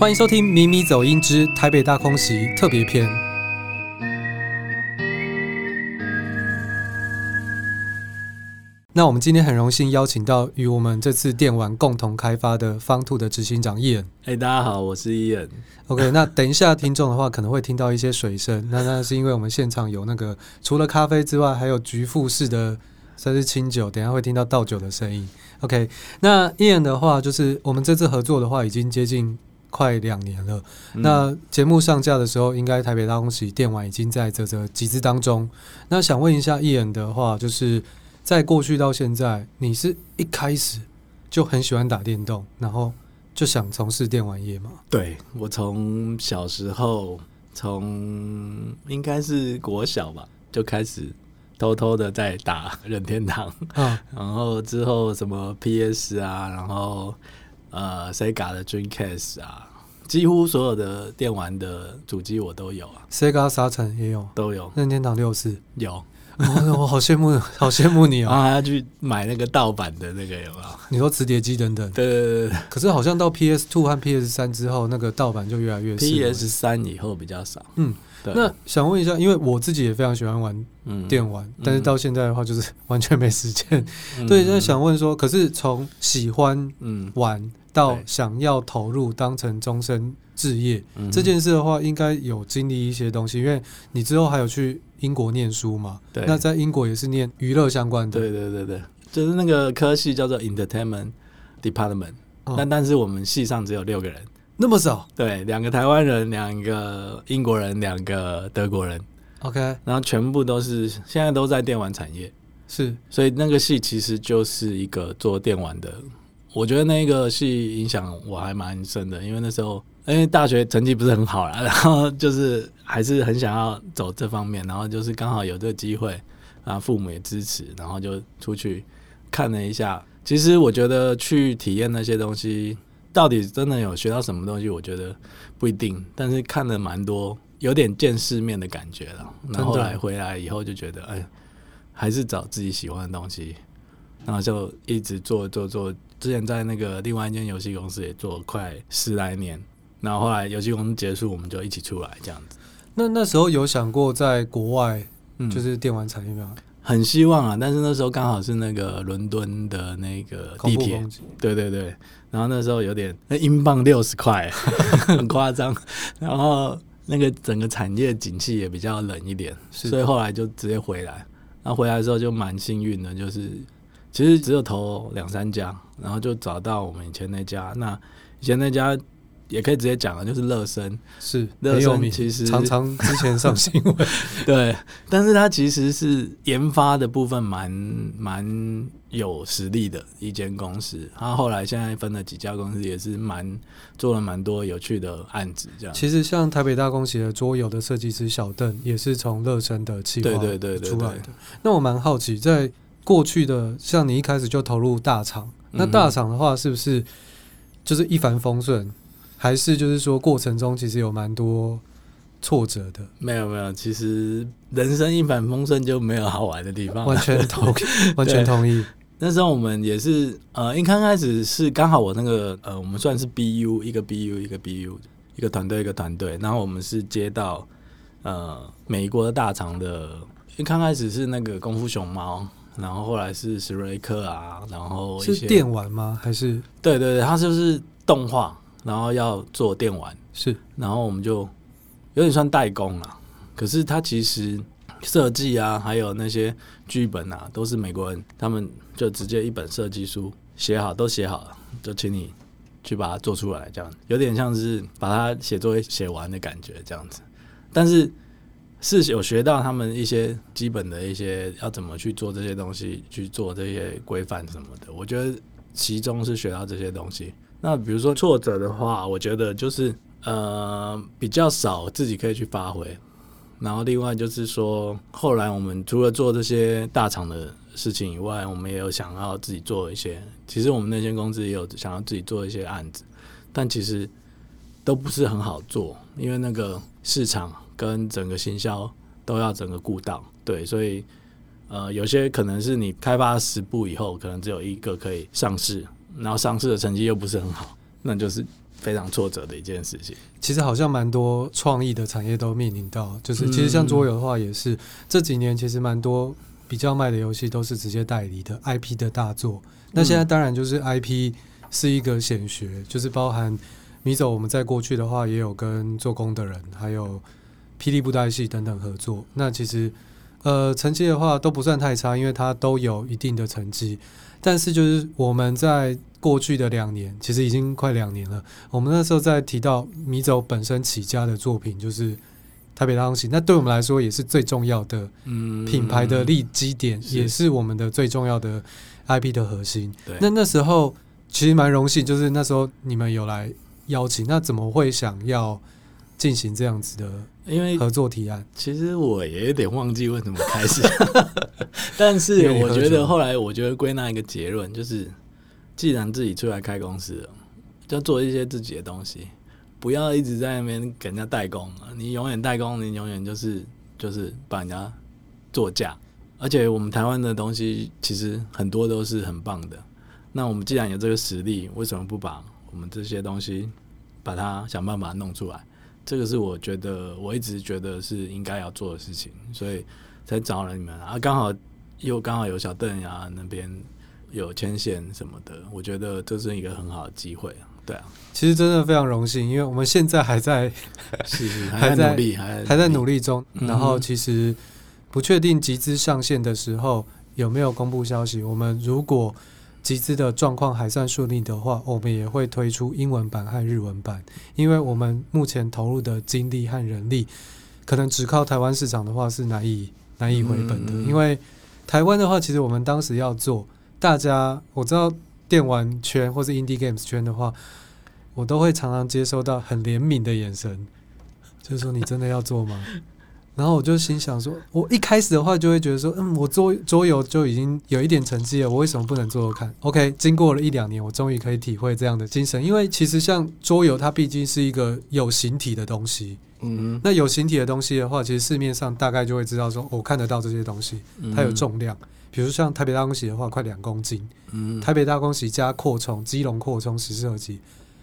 歡迎收聽《咪咪走音之台北大空襲特別篇》。那我們今天很榮幸邀請到與我們這次電玩共同開發的方兔的執行長伊恩。哎、欸，大家好，我是伊恩。OK，那等一下聽眾的話可能會聽到一些水聲，那 那是因為我們現場有那個除了咖啡之外，還有局富式的算是清酒，等一下會聽到倒酒的聲音。OK，那伊恩的話就是我們這次合作的話已經接近。快兩年了。嗯、那節目上架的時候，應該台北大空襲電玩已經在這這集資當中。那想問一下 Ian 的話，就是在過去到現在，你是一開始就很喜歡打電動，然後就想從事電玩業嗎？對，我從小時候，從應該是國小吧，就開始偷偷的在打任天堂、啊，然後之後什麼 PS 啊，然後。呃，Sega 的 Dreamcast 啊，幾乎所有的電玩的主機我都有啊，Sega 沙城也有，都有，任天堂六四有我，我好羨慕， 好羨慕你哦、啊，然後還要去買那個盜版的那個有啊，你說磁碟機等等，對,對對對可是好像到 PS Two 和 PS 三之後，那個盜版就越來越少 PS 三以後比較少，嗯。對，那想問一下，因為我自己也非常喜歡玩電玩，嗯嗯、但是到現在的話就是完全沒時間、嗯。對，就想問說，可是從喜歡玩到想要投入當成終身志業、嗯、這件事的話，應該有經歷一些東西、嗯。因為你之後還有去英國念書嘛？對。那在英國也是念娛樂相關的。對對對對，就是那個科系叫做 Entertainment Department，、嗯、但但是我們系上只有六個人。那麼少，對，兩個台灣人，兩個英國人，兩個德國人，OK，然後全部都是現在都在電玩產業，是，所以那個戲其實就是一個做電玩的，我覺得那個戲影響我還蠻深的，因為那時候因為大學成績不是很好啦，然後就是還是很想要走這方面，然後就是剛好有這個機會，然後父母也支持，然後就出去看了一下，其實我覺得去體驗那些東西。到底真的有學到什麼東西？我覺得不一定，但是看了蠻多，有點見世面的感覺了。然後後來回來以後就覺得，哎、欸，還是找自己喜歡的東西，然後就一直做做做。之前在那個另外一間遊戲公司也做了快十來年，然後後來遊戲公司結束，我們就一起出來這樣子。那那時候有想過在國外，就是電玩產業嗎？嗯很希望啊，但是那時候剛好是那個倫敦的那個地鐵，恐怖攻擊，對對對，然後那時候有點那英鎊六十塊耶， 很誇張。然後那個整個產業景氣也比較冷一點，所以後來就直接回來。然後回來的時候就蠻幸運的，就是其實只有投兩三家，然後就找到我們以前那家。那以前那家。.也可以直接講了，就是樂昇是樂米其實常常之前上新聞， 對，但是它其實是研發的部分蠻蠻有實力的一間公司。它後來現在分了幾家公司，也是蠻做了蠻多有趣的案子。這樣，其實像台北大空襲的桌遊的設計師小鄧，也是從樂昇的企劃，對對對，出來的。那我蠻好奇，在過去的像你一開始就投入大廠、嗯，那大廠的話是不是就是一帆風順？還是就是說，過程中其實有蠻多挫折的？沒有沒有，其實人生一帆風順就沒有好玩的地方。完全同意，完全同意。那時候我們也是呃，因為剛開始是剛好我那個呃，我們算是 BU 一個 BU 一個 BU 一個團隊一個團隊，然後我們是接到呃美國的大廠的，因為剛開始是那個功夫熊貓，然後後來是史瑞克啊，然後是電玩嗎？還是？對對對，它就是動畫。然後要做電玩是，然後我們就有點算代工了啊。可是他其實設計啊，還有那些劇本啊，都是美國人，他們就直接一本設計書寫好，都寫好了，就請你去把它做出來。這樣有點像是把它寫作業寫完的感覺，這樣子。但是是有學到他們一些基本的一些要怎麼去做這些東西，去做這些規範什麼的。我覺得其中是學到這些東西。那比如說挫折的話，我覺得就是呃比較少自己可以去發揮，然後另外就是說，後來我們除了做這些大廠的事情以外，我們也有想要自己做一些。其實我們那間公司也有想要自己做一些案子，但其實都不是很好做，因為那個市場跟整個行銷都要整個顧到，對，所以呃有些可能是你開發十部以後，可能只有一個可以上市。然後上市的成績又不是很好，那就是非常挫折的一件事情。其實好像蠻多創意的產業都面臨到，就是其實像桌遊的話也是，嗯、這幾年其實蠻多比較賣的遊戲都是直接代理的 IP 的大作。那、嗯、現在當然就是 IP 是一個顯學，就是包含迷走我們在過去的話也有跟做工的人，還有霹靂布袋戲等等合作。那其實呃成績的話都不算太差，因為它都有一定的成績。但是就是我們在過去的兩年，其實已經快兩年了。我們那時候在提到迷走本身起家的作品，就是台北大空襲。那對我們來說也是最重要的，嗯，品牌的立基點、嗯，也是我們的最重要的 IP 的核心。對。那那時候其實蠻榮幸，就是那時候你們有來邀請。那怎麼會想要進行這樣子的，因為合作提案？其實我也有點忘記為什麼開始 但是我覺得後來，我覺得歸納一個結論就是。既然自己出來開公司了，就做一些自己的東西，不要一直在那邊給人家代工。你永遠代工，你永遠就是就是把人家做價。而且我們台灣的東西其實很多都是很棒的。那我們既然有這個實力，為什麼不把我們這些東西把它想辦法弄出來？這個是我覺得我一直覺得是應該要做的事情，所以才找了你們啊，剛好又剛好有小鄧呀、啊、那邊。有牽線什麼的，我覺得這是一個很好的機會，對啊。其實真的非常榮幸，因為我們現在還在， 還在，還在努力，還還在努力中，嗯。然後其實不確定集資上線的時候有沒有公布消息。我們如果集資的狀況還算順利的話，我們也會推出英文版和日文版，因為我們目前投入的精力和人力，可能只靠台灣市場的話是難以難以回本的。嗯嗯，因為台灣的話，其實我們當時要做。大家我知道電玩圈或是 indie games 圈的話，我都會常常接收到很憐憫的眼神，就是說你真的要做嗎？ 然後我就心想說，我一開始的話就會覺得說，嗯，我桌桌遊就已經有一點成績了，我為什麼不能做做看？OK，經過了一兩年，我終於可以體會這樣的精神。因為其實像桌遊，它畢竟是一個有形體的東西。嗯，那有形體的東西的話，其實市面上大概就會知道說，我看得到這些東西，它有重量。比如像台北大空襲的話，快兩公斤、嗯。台北大空襲加擴充，基隆擴充十四二級，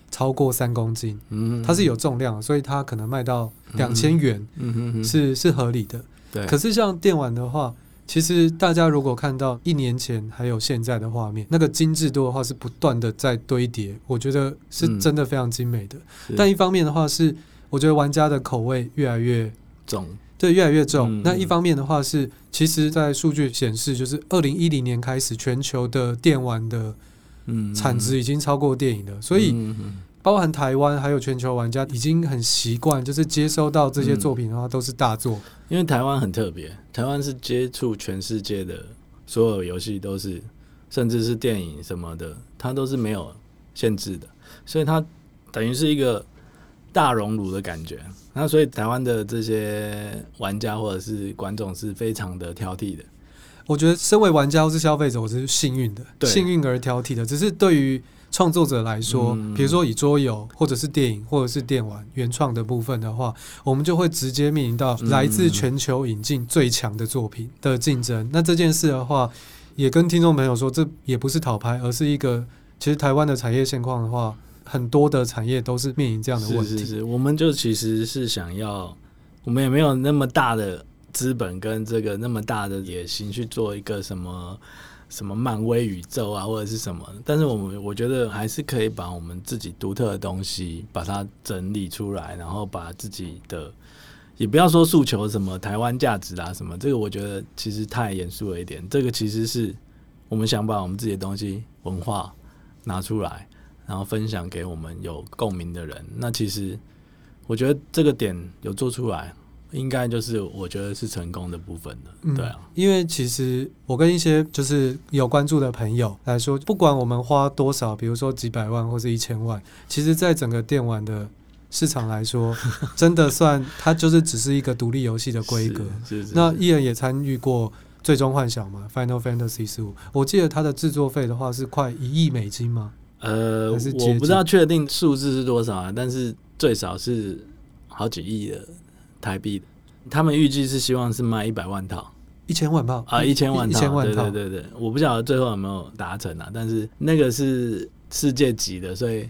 超過三公斤、嗯。它是有重量，所以它可能賣到兩千元。嗯哼，是是合理的對。可是像電玩的話，其實大家如果看到一年前還有現在的畫面，那個精緻度的話是不斷的在堆疊，我覺得是真的非常精美的、嗯。但一方面的話是，我覺得玩家的口味越來越重。對，越來越重、嗯。那一方面的話是，其實，在數據顯示，就是二零一零年開始，全球的電玩的產值已經超過電影了。嗯、所以，包含台灣還有全球玩家，已經很習慣，就是接收到這些作品的話，都是大作、嗯。因為台灣很特別，台灣是接觸全世界的所有遊戲，都是甚至是電影什麼的，它都是沒有限制的，所以它等於是一個。大熔爐的感覺，那所以台灣的這些玩家，或者是觀眾是非常的挑剔的。我覺得身為玩家或是消費者，我是幸運的，對，幸運而挑剔的。只是對於創作者來說、嗯，比如說以桌遊或者是電影或者是電玩、嗯、原創的部分的話，我們就會直接面臨到來自全球引進最強的作品的競爭、嗯。那這件事的話，也跟聽眾朋友說，這也不是討拍，而是一個其實台灣的產業現況的話。很多的產業都是面臨這樣的問題。是是是，我們就其實是想要，我們也沒有那麼大的資本跟這個那麼大的野心去做一個什麼什麼漫威宇宙啊，或者是什麼。但是我們我覺得還是可以把我們自己獨特的東西把它整理出來，然後把自己的也不要說訴求什麼台灣價值啊什麼。這個我覺得其實太嚴肅了一點。這個其實是我們想把我們自己的東西文化拿出來。然後分享給我們有共鳴的人，那其實我覺得這個點有做出來，應該就是我覺得是成功的部分了。對啊、嗯，因為其實我跟一些就是有關注的朋友來說，不管我們花多少，比如說幾百萬或是一千萬，其實在整個電玩的市場來說， 真的算它就是只是一個獨立遊戲的規格。那 Ian 也參與過《最終幻想》嘛，《Final Fantasy 十五》，我記得他的制作費的話是快一億美金嗎？嗯呃，我不知道確定數字是多少啊，但是最少是好幾億的台幣。他們預計是希望是賣一百萬套，一千萬，啊一千萬套啊，一千萬套，對對對，對。我不曉得最後有沒有達成啊，但是那個是世界級的，所以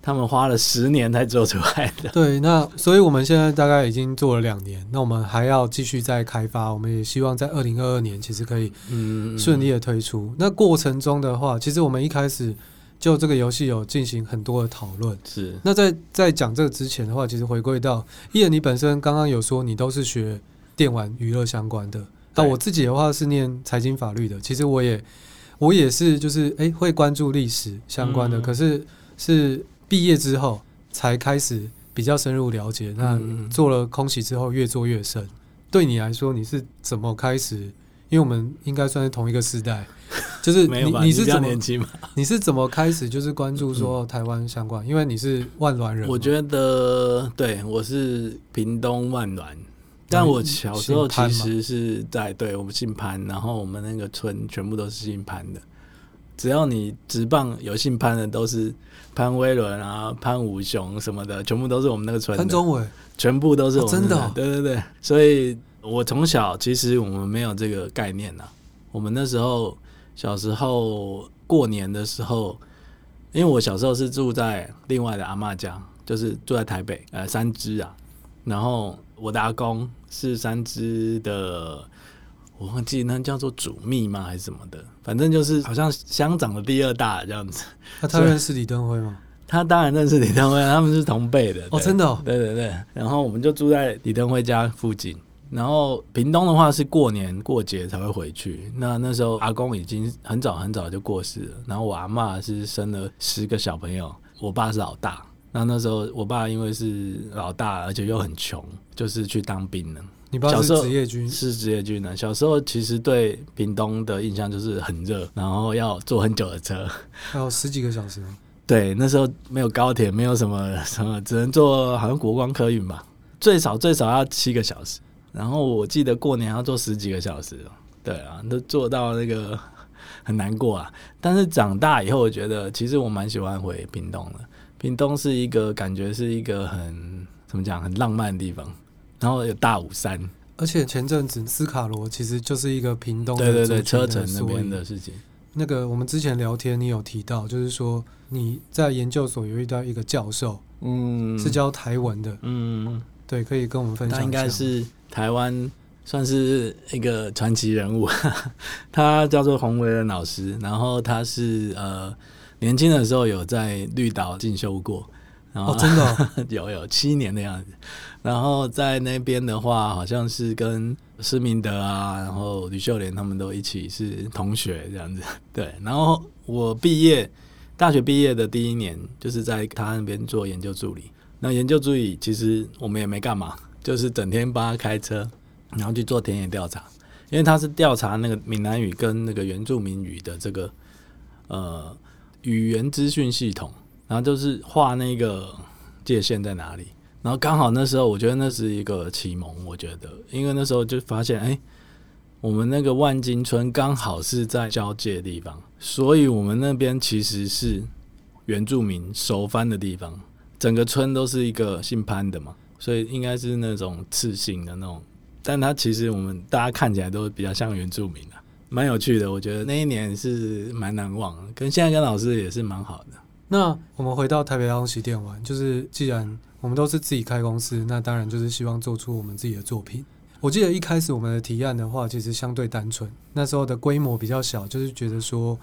他們花了十年才做出來的。對，那所以我們現在大概已經做了兩年，那我們還要繼續再開發，我們也希望在二零二二年其實可以嗯順利的推出嗯嗯。那過程中的話，其實我們一開始。就這個遊戲有進行很多的討論，是。那在在講這個之前的話，其實回歸到 Ian，你本身剛剛有說你都是學電玩娛樂相關的，但我自己的話是念財經法律的。其實我也我也是，就是誒、欸、會關注歷史相關的，嗯、可是是畢業之後才開始比較深入了解。那做了空襲之後，越做越深。對你來說，你是怎麼開始？因為我們應該算是同一個時代，就是你 沒有你是怎麼你，年嘛你是怎麼開始就是關注說台灣相關、嗯？因為你是萬巒人，我覺得對，我是屏東萬巒，但我小時候其實是在、嗯、對我們姓潘，然後我們那個村全部都是姓潘的，只要你職棒有姓潘的都是潘威倫啊、潘武雄什麼的，全部都是我們那個村的潘忠偉，全部都是我們村、哦、真的、哦，對對對，所以。我從小其實我們沒有這個概念吶。我們那時候小時候過年的時候，因為我小時候是住在另外的阿嬤家，就是住在台北、呃、三芝啊。然後我的阿公是三芝的，我忘記那叫做主秘嗎還是什麼的，反正就是好像鄉長的第二大這樣子，啊。他認識李登輝嗎？他當然認識李登輝，他們是同輩的哦，真的，哦，對對對。然後我們就住在李登輝家附近。然後屏東的話是過年過節才會回去。那那時候阿公已經很早很早就過世了。然後我阿嬤是生了十個小朋友，我爸是老大。那那時候我爸因為是老大，而且又很窮，就是去當兵了。你爸是小時候職業軍，是職業軍人。小時候其實對屏東的印象就是很熱，然後要坐很久的車，要十幾個小時。對，那時候沒有高鐵，沒有什麼什麼，只能坐好像國光客運吧，最少最少要七個小時。然後我記得過年要坐十幾個小時，對啊，都做到那個很難過啊。但是長大以後，我覺得其實我蠻喜歡回屏東的。屏東是一個感覺是一個很怎麼講很浪漫的地方，然後有大武山，而且前陣子斯卡羅其實就是一個屏東，對對對，車城那，那邊的事情。那個我們之前聊天，你有提到就是說你在研究所遇到一,一個教授，嗯，是教台文的，嗯。對，可以跟我們分享。他應該是台灣算是一個傳奇人物，呵呵，他叫做洪惟仁老師，然後他是呃年輕的時候有在綠島進修過然後，哦，真的，哦、 有有七年的樣子。然後在那邊的話，好像是跟施明德啊，然後呂秀蓮他們都一起是同學這樣子。對，然後我畢業，大學畢業的第一年就是在他那邊做研究助理。那研究助理其實我們也沒幹嘛，就是整天幫他開車，然後去做田野調查，因為他是調查那個閩南語跟那個原住民語的這個呃語言資訊系統，然後就是畫那個界線在哪裡。然後剛好那時候，我覺得那是一個啟蒙，我覺得，因為那時候就發現，哎、欸，我們那個萬金村剛好是在交界的地方，所以我們那邊其實是原住民熟番的地方。整個村都是一個姓潘的嘛，所以應該是那種賜姓的那種，但它其實我們大家看起來都比較像原住民，啊、蠻有趣的。我覺得那一年是蠻難忘的，跟現在跟老師也是蠻好的。那我們回到台北大空襲電玩，就是既然我們都是自己開公司，那當然就是希望做出我們自己的作品。我記得一開始我們的提案的話，其實相對單純，那時候的規模比較小，就是覺得說，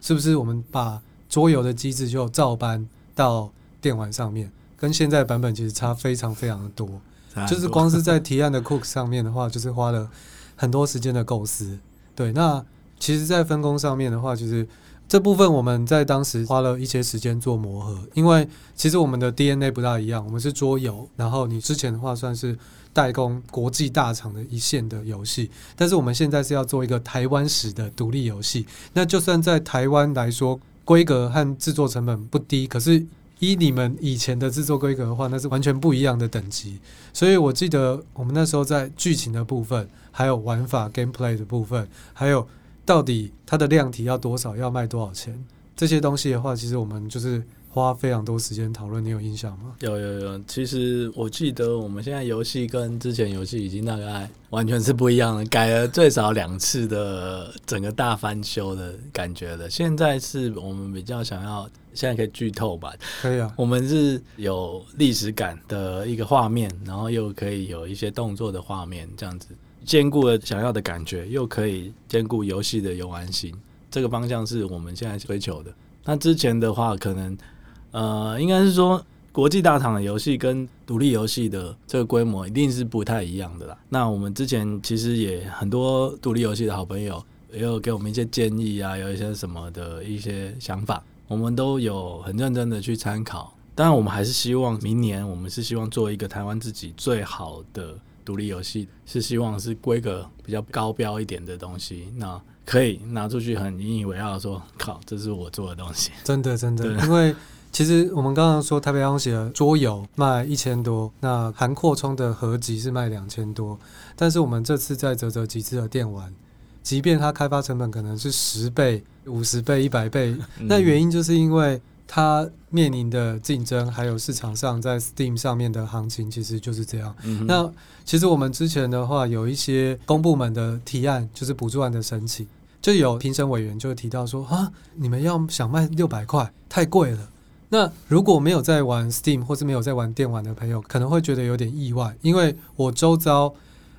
是不是我們把桌遊的機制就照搬到。電玩上面，跟現在版本其實差非常非常的多，多就是光是在提案的 cook 上面的話，就是花了很多時間的構思。對，那其實，在分工上面的話，其實就是這部分我們在當時花了一些時間做磨合，因為其實我們的 DNA 不大一樣，我們是桌遊，然後你之前的話算是代工國際大廠的一線的遊戲，但是我們現在是要做一個台灣式的獨立遊戲。那就算在台灣來說，規格和制作成本不低，可是，以你們以前的制作規格的話，那是完全不一樣的等級。所以我記得我們那時候在劇情的部分，還有玩法 （gameplay） 的部分，還有到底它的量體要多少，要賣多少錢這些東西的話，其實我們就是花非常多時間討論。你有印象嗎？有有有。其實我記得我們現在遊戲跟之前遊戲已經大概完全是不一樣的，改了最少兩次的整個大翻修的感覺了。現在是我們比較想要。現在可以劇透吧？可以啊。我們是有歷史感的一個畫面，然後又可以有一些動作的畫面，這樣子兼顧了想要的感覺，又可以兼顧遊戲的遊玩性。這個方向是我們現在追求的。那之前的話，可能呃，應該是說國際大廠的遊戲跟獨立遊戲的這個規模一定是不太一樣的啦。那我們之前其實也很多獨立遊戲的好朋友也有給我們一些建議啊，有一些什麼的一些想法。我們都有很認真的去參考，當然我們還是希望明年，我們是希望做一個台灣自己最好的獨立遊戲，是希望是規格比較高標一點的東西，那可以拿出去很引以為傲，說靠，這是我做的東西。真的真的，因為其實我們剛剛說台北大空襲的桌遊賣一千多，那含擴充的合集是賣兩千多，但是我們這次在嘖嘖集資的電玩。即便它開發成本可能是十倍、五十倍、一百倍，那原因就是因為它面臨的競爭，還有市場上在 Steam 上面的行情，其實就是這樣。嗯、那其實我們之前的話，有一些公部門的提案，就是補助案的申請，就有評審委員就提到說：“啊，你們要想賣六百塊，太貴了。”那如果沒有在玩 Steam 或是沒有在玩電玩的朋友，可能會覺得有點意外，因為我周遭，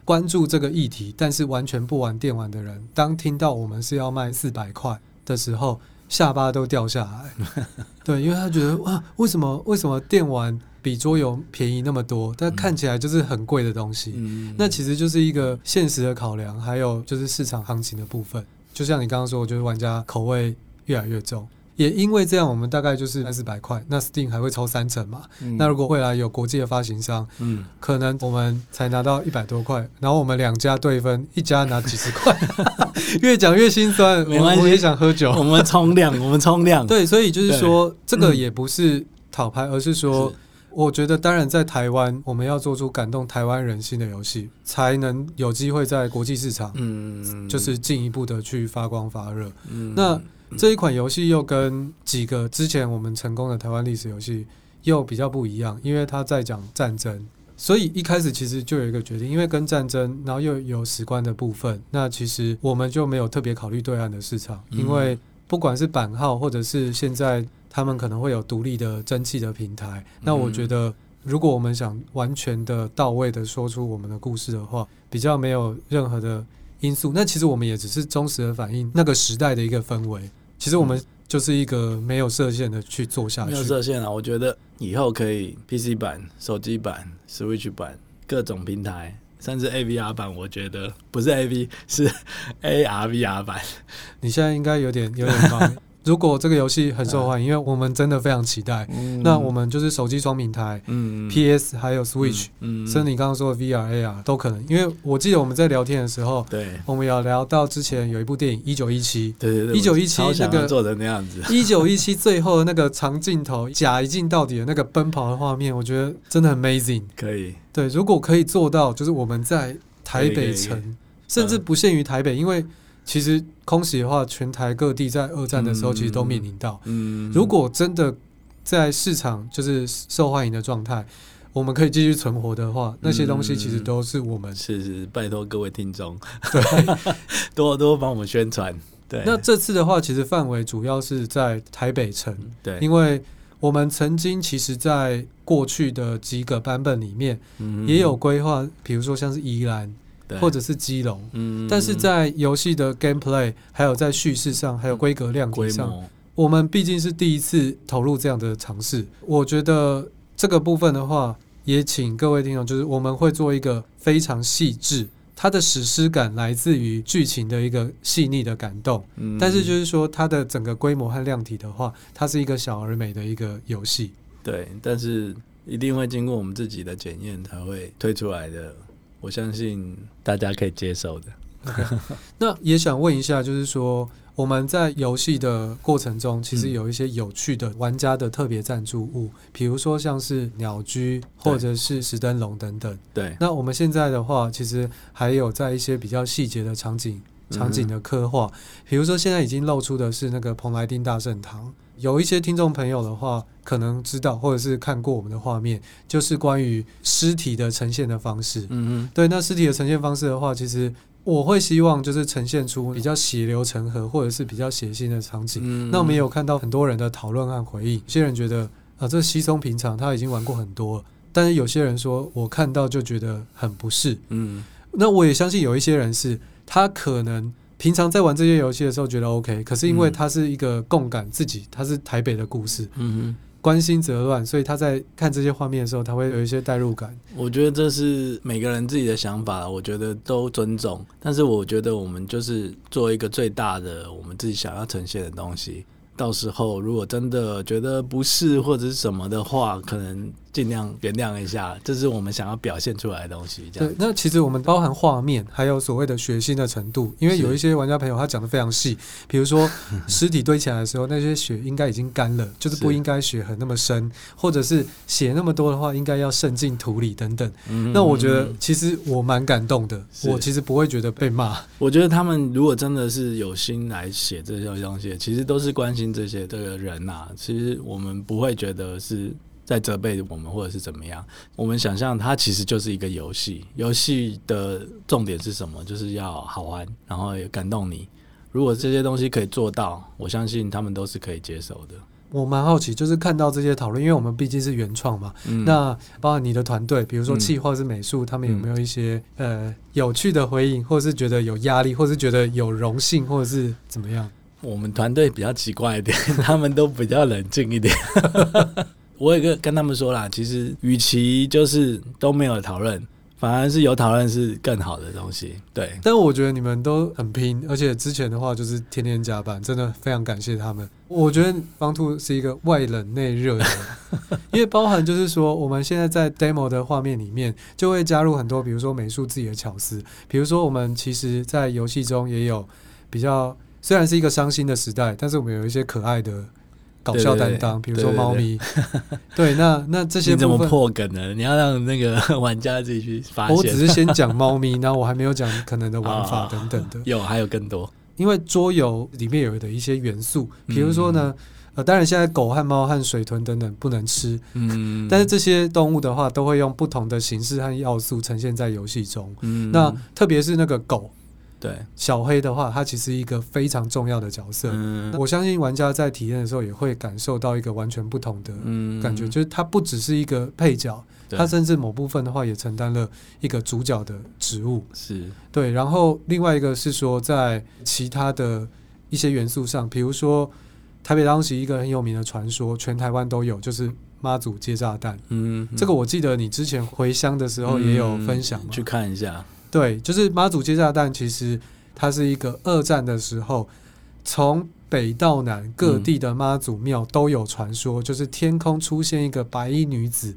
關注這個議題，但是完全不玩電玩的人，當聽到我們是要賣四百塊的時候，下巴都掉下來。 對，因為他覺得哇，為什麼為什麼電玩比桌遊便宜那麼多？但看起來就是很貴的東西。嗯。那其實就是一個現實的考量，還有就是市場行情的部分。就像你剛剛說，我覺得玩家口味越來越重。也因為這樣，我們大概就是三四百塊，那 Steam 還會抽三成嘛？嗯、那如果未來有國際的發行商，嗯，可能我們才拿到一百多塊，然後我們兩家對分，一家拿幾十塊， 越講越心酸。沒關係，我們我也想喝酒，我們衝量，我們衝量。 對，所以就是說，這個也不是討拍，而是說是，我覺得當然在台灣，我們要做出感動台灣人心的遊戲，才能有機會在國際市場，嗯，就是進一步的去發光發熱。嗯，那。這一款遊戲又跟幾個之前我們成功的台灣歷史遊戲又比較不一樣，因為他在講戰爭，所以一開始其實就有一個決定，因為跟戰爭，然後又有史觀的部分，那其實我們就沒有特別考慮對岸的市場，因為不管是版號或者是現在他們可能會有獨立的蒸汽的平台，那我覺得如果我們想完全的到位的說出我們的故事的話，比較沒有任何的因素，那其實我們也只是忠實的反映那個時代的一個氛圍。其實我們就是一個沒有設限的去做下去，沒有設限啊！我覺得以後可以 PC 版、手機版、Switch 版各種平台，甚至 AVR 版，我覺得不是 AV 是 ARVR 版。你現在應該有點有點高。 如果這個遊戲很受歡迎，因為我們真的非常期待。嗯、那我們就是手機雙平台，嗯，PS 還有 Switch，嗯，甚、嗯、至你剛剛說的 VR AR 都可能。因為我記得我們在聊天的時候，對，我們有聊到之前有一部電影《一九一七》，對對對，一九一七那個做成那樣子，一九一七最後的那個長鏡頭， 假一鏡到底的那個奔跑的畫面，我覺得真的很 amazing。可以，對，如果可以做到，就是我們在台北城，甚至不限於台北，嗯、因為。其實空襲的話，全台各地在二戰的時候其實都面臨到嗯。嗯，如果真的在市場就是受歡迎的狀態，我們可以繼續存活的話，那些東西其實都是我們。是是，拜託各位聽眾，對， 多多幫我們宣傳。對，那這次的話，其實範圍主要是在台北城。對，因為我們曾經其實，在過去的幾個版本裡面，嗯，也有規劃，比如說像是宜蘭。或者是基隆，嗯，但是在遊戲的 gameplay，還有在敘事上，嗯、還有規格量體上，我們畢竟是第一次投入這樣的嘗試。我覺得這個部分的話，也請各位聽眾，就是我們會做一個非常細緻，它的史詩感來自於劇情的一個細膩的感動，嗯。但是就是說，它的整個規模和量體的話，它是一個小而美的一個遊戲。對，但是一定會經過我們自己的檢驗才會推出來的。我相信大家可以接受的 那也想問一下，就是說我們在遊戲的過程中，其實有一些有趣的玩家的特別贊助物，比如說像是鳥居或者是石燈籠等等。對。那我們現在的話，其實還有在一些比較細節的場景、場景的刻畫，比如說現在已經露出的是那個蓬萊町大聖堂。有一些聽眾朋友的話，可能知道或者是看過我們的畫面，就是關於屍體的呈現的方式。嗯嗯，對，那屍體的呈現方式的話，其實我會希望就是呈現出比較血流成河或者是比較血腥的場景。嗯嗯。那我們也有看到很多人的討論和回應，有些人覺得啊，這稀鬆平常，他已經玩過很多了，但是有些人說，我看到就覺得很不適。嗯嗯，那我也相信有一些人是，他可能。平常在玩這些遊戲的時候覺得 OK，可是因為它是一個共感、嗯、自己，它是台北的故事，嗯哼，關心則亂，所以他在看這些畫面的時候，他會有一些代入感。我覺得這是每個人自己的想法，我覺得都尊重。但是我覺得我們就是做一個最大的我們自己想要呈現的東西。到時候如果真的覺得不是或者是什麼的話，可能。盡量原諒一下，這是我們想要表現出來的東西。對，那其實我們包含畫面，還有所謂的血腥的程度，因為有一些玩家朋友他講得非常細，比如說屍 體堆起來的時候，那些血應該已經乾了，就是不應該血痕那麼深，或者是血那麼多的話，應該要滲進土裡等等。嗯嗯嗯嗯。那我覺得其實我蠻感動的，我其實不會覺得被罵。我覺得他們如果真的是有心來寫這些東西，其實都是關心這些的人呐、啊。其實我們不會覺得是在責備我們，或者是怎麼樣？我們想象它其實就是一個遊戲，遊戲的重點是什麼？就是要好玩，然後也感動你。如果這些東西可以做到，我相信他們都是可以接受的。我蠻好奇，就是看到這些討論，因為我們畢竟是原創嘛、嗯。那包括你的團隊，比如說企劃或是美術、嗯，他們有沒有一些、嗯、呃有趣的回應，或者是覺得有壓力，或是覺得有榮幸，或者是怎麼樣？我們團隊比較奇怪一點， 他們都比較冷靜一點。 我有個跟他們說啦，其實與其就是都沒有討論，反而是有討論是更好的東西。對，但我覺得你們都很拼，而且之前的話就是天天加班，真的非常感謝他們。我覺得方兔是一個外冷內熱的， 因為包含就是說我們現在在 demo 的畫面裡面就會加入很多，比如說美術自己的巧思，比如說我們其實在遊戲中也有比較，雖然是一個傷心的時代，但是我們有一些可愛的。搞笑擔當，比如說貓咪，對，對，對, 對，那那這些怎麼破梗呢？你要讓那個玩家自己去發現。 我只是先講貓咪，然後我還沒有講可能的玩法等等的。哦哦、有還有更多，因為桌遊裡面有的一些元素，比如說呢、嗯，呃，當然現在狗和貓和水豚等等不能吃，嗯，但是這些動物的話，都會用不同的形式和要素呈現在遊戲中。嗯，那特別是那個狗。對小黑的話，它其實是一個非常重要的角色，嗯、我相信玩家在體驗的時候也會感受到一個完全不同的感覺，嗯、就是它不只是一個配角，對，它甚至某部分的話也承擔了一個主角的職務。是對，然後另外一個是說，在其他的一些元素上，比如說台北當時一個很有名的傳說，全台灣都有，就是媽祖接炸彈、嗯。嗯，這個我記得你之前回鄉的時候也有分享嗎、嗯，去看一下。對，就是媽祖接炸彈。其實它是一個二戰的時候，從北到南各地的媽祖廟都有傳說，嗯，就是天空出現一個白衣女子，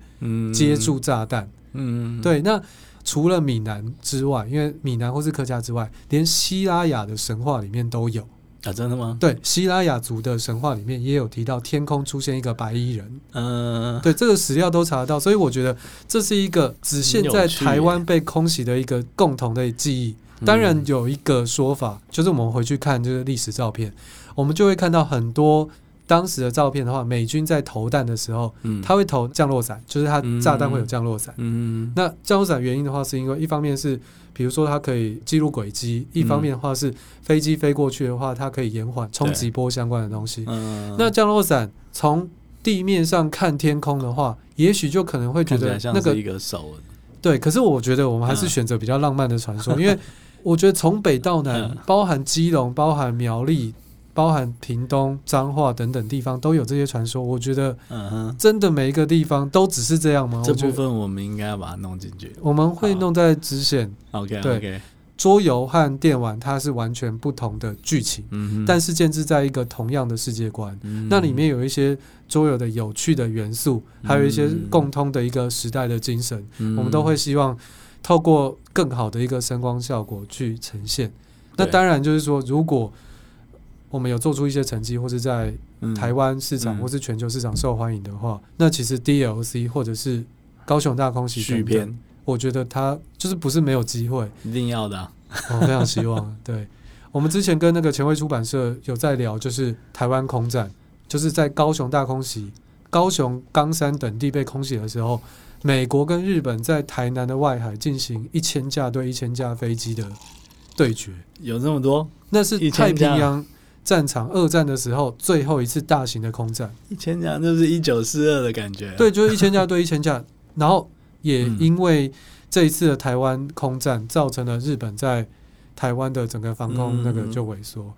接住炸彈。嗯，對。那除了閩南之外，因為閩南或是客家之外，連西拉雅的神話裡面都有。啊，真的嗎？對，西拉雅族的神話裡面也有提到天空出現一個白衣人。嗯、呃，對，這個史料都查得到，所以我覺得這是一個只限在台灣被空襲的一個共同的記憶。當然有一個說法，就是我們回去看這個歷史照片，我們就會看到很多。當時的照片的話，美軍在投彈的時候、嗯，他會投降落傘，就是他炸彈會有降落傘、嗯嗯。那降落傘原因的話，是因為一方面是，比如說它可以記錄軌跡，一方面的話是飛機飛過去的話，它可以延緩衝擊波相關的東西。嗯、那降落傘從地面上看天空的話，也許就可能會覺得那個是一個手。對，可是我覺得我們還是選擇比較浪漫的傳說，嗯、 因為我覺得從北到南，包含基隆，包含苗栗。包含屏東、彰化等等地方都有這些傳說，我覺得真的每一個地方都只是這樣嗎？這部分我們應該把它弄進去，我們會弄在直線。OK，uh -huh. 對，桌遊和電玩它是完全不同的劇情，uh -huh. 但是建置在一個同樣的世界觀。Uh -huh. 那裡面有一些桌遊的有趣的元素，uh -huh. 還有一些共通的一個時代的精神。Uh -huh. 我們都會希望透過更好的一個聲光效果去呈現。Uh -huh. 那當然就是說，如果我們有做出一些成績，或是在台灣市場、嗯、或是全球市場受歡迎的話、嗯，那其實 DLC 或者是高雄大空襲續篇，我覺得它就是不是沒有機會，一定要的、啊。我非常希望。 對，我們之前跟那個前衛出版社有在聊，就是台灣空戰，就是在高雄大空襲、高雄岡山等地被空襲的時候，美國跟日本在台南的外海進行一千架對一千架飛機的對決，有這麼多？那是太平洋。戰場二戰的時候，最後一次大型的空戰，一千架就是一九四二的感覺。對，就是一千架對一千架， 然後也因為這一次的台灣空戰、嗯，造成了日本在台灣的整個防空那個就萎縮、嗯。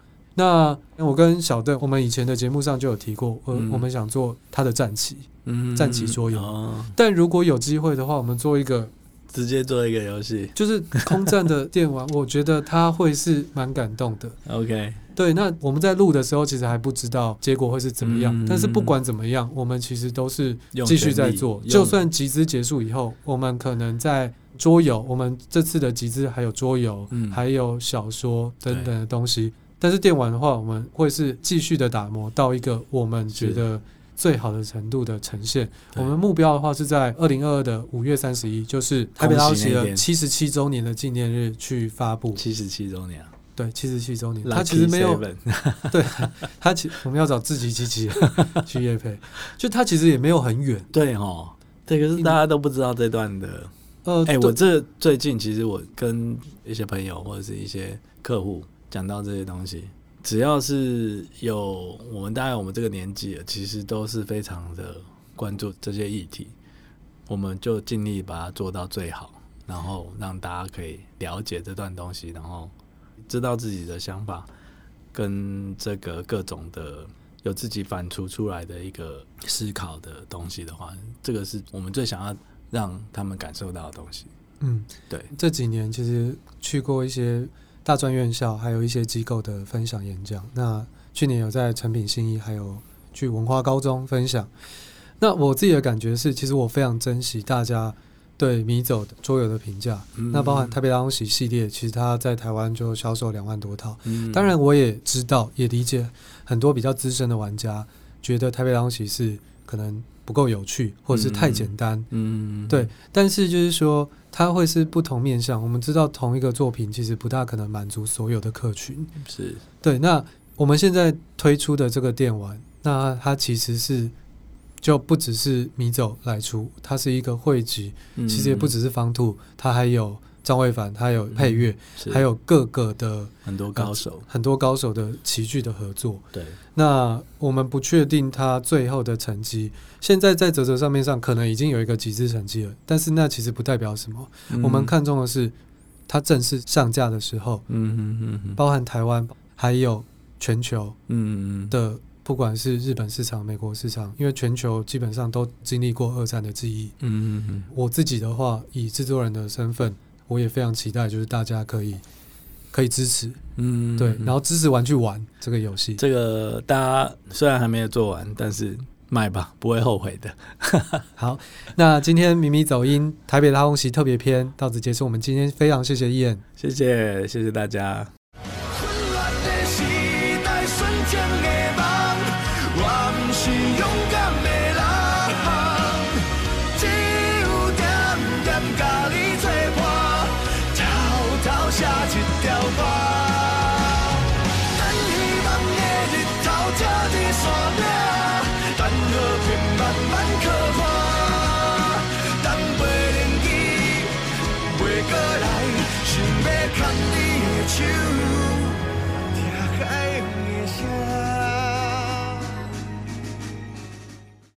那我跟小鄧，我們以前的節目上就有提過，我、呃嗯、我們想做他的戰棋、嗯，戰棋作用、哦。但如果有機會的話，我們做一個。直接做一個遊戲，就是空戰的電玩，我覺得他會是蠻感動的。 OK，對，那我們在錄的時候，其實還不知道結果會是怎麼樣、嗯，但是不管怎麼樣，我們其實都是繼續在做。就算集資結束以後，我們可能在桌遊，我們這次的集資還有桌遊、嗯，還有小說等等的東西，但是電玩的話，我們會是繼續的打磨到一個我們覺得。最好的程度的呈現，我們目標的話是在二零二二的五月三十一，就是台灣起了七十七周年的紀念日去發布七十七周年。對，七十七周年，Lucky、他其實沒有，對他其 我們要找自己機器去業配， 就他其實也沒有很遠，對哦，對。可是大家都不知道這段的，呃、嗯，哎、欸，我這最近其實我跟一些朋友或者是一些客戶講到這些東西。只要是有我們大概我們這個年紀，其實都是非常的關注這些議題。我們就盡力把它做到最好，然後讓大家可以了解這段東西，然後知道自己的想法跟這個各種的有自己反芻出，出來的一個思考的東西的話，這個是我們最想要讓他們感受到的東西。嗯，對。這幾年其實去過一些。大專院校還有一些機構的分享演講。那去年有在誠品信義，還有去文化高中分享。那我自己的感覺是，其實我非常珍惜大家對迷走的桌遊的評價，嗯嗯。那包含台北大空襲系列，其實它在台灣就銷售兩萬多套。嗯嗯。當然，我也知道，也理解很多比較資深的玩家覺得台北大空襲是可能不夠有趣，或者是太簡單。嗯，嗯，對。但是就是說。它會是不同面向，我們知道同一個作品其實不大可能滿足所有的客群，是對。那我們現在推出的這個電玩，那它其實是就不只是迷走來出，它是一個匯集，其實也不只是方兔，它還有。張惠凡，他有配樂、嗯，還有各個的很多高手、啊，很多高手的齊聚的合作。對，那我們不確定他最後的成績。現在在嘖嘖上面上，可能已經有一個極致成績了，但是那其實不代表什麼。嗯、我們看重的是，他正式上架的時候，嗯嗯嗯，包含台灣，還有全球，嗯嗯嗯的，不管是日本市場、美國市場，因為全球基本上都經歷過二戰的記憶。嗯嗯嗯，我自己的話，以製作人的身份。我也非常期待，就是大家可以可以支持，嗯，嗯，嗯、對，然後支持完去玩這個遊戲。這個大家雖然還沒有做完，但是買吧，不會後悔的。 好，那今天迷迷走音 台北大空襲特別篇到此結束。我們今天非常謝謝 Ian，謝謝謝謝大家。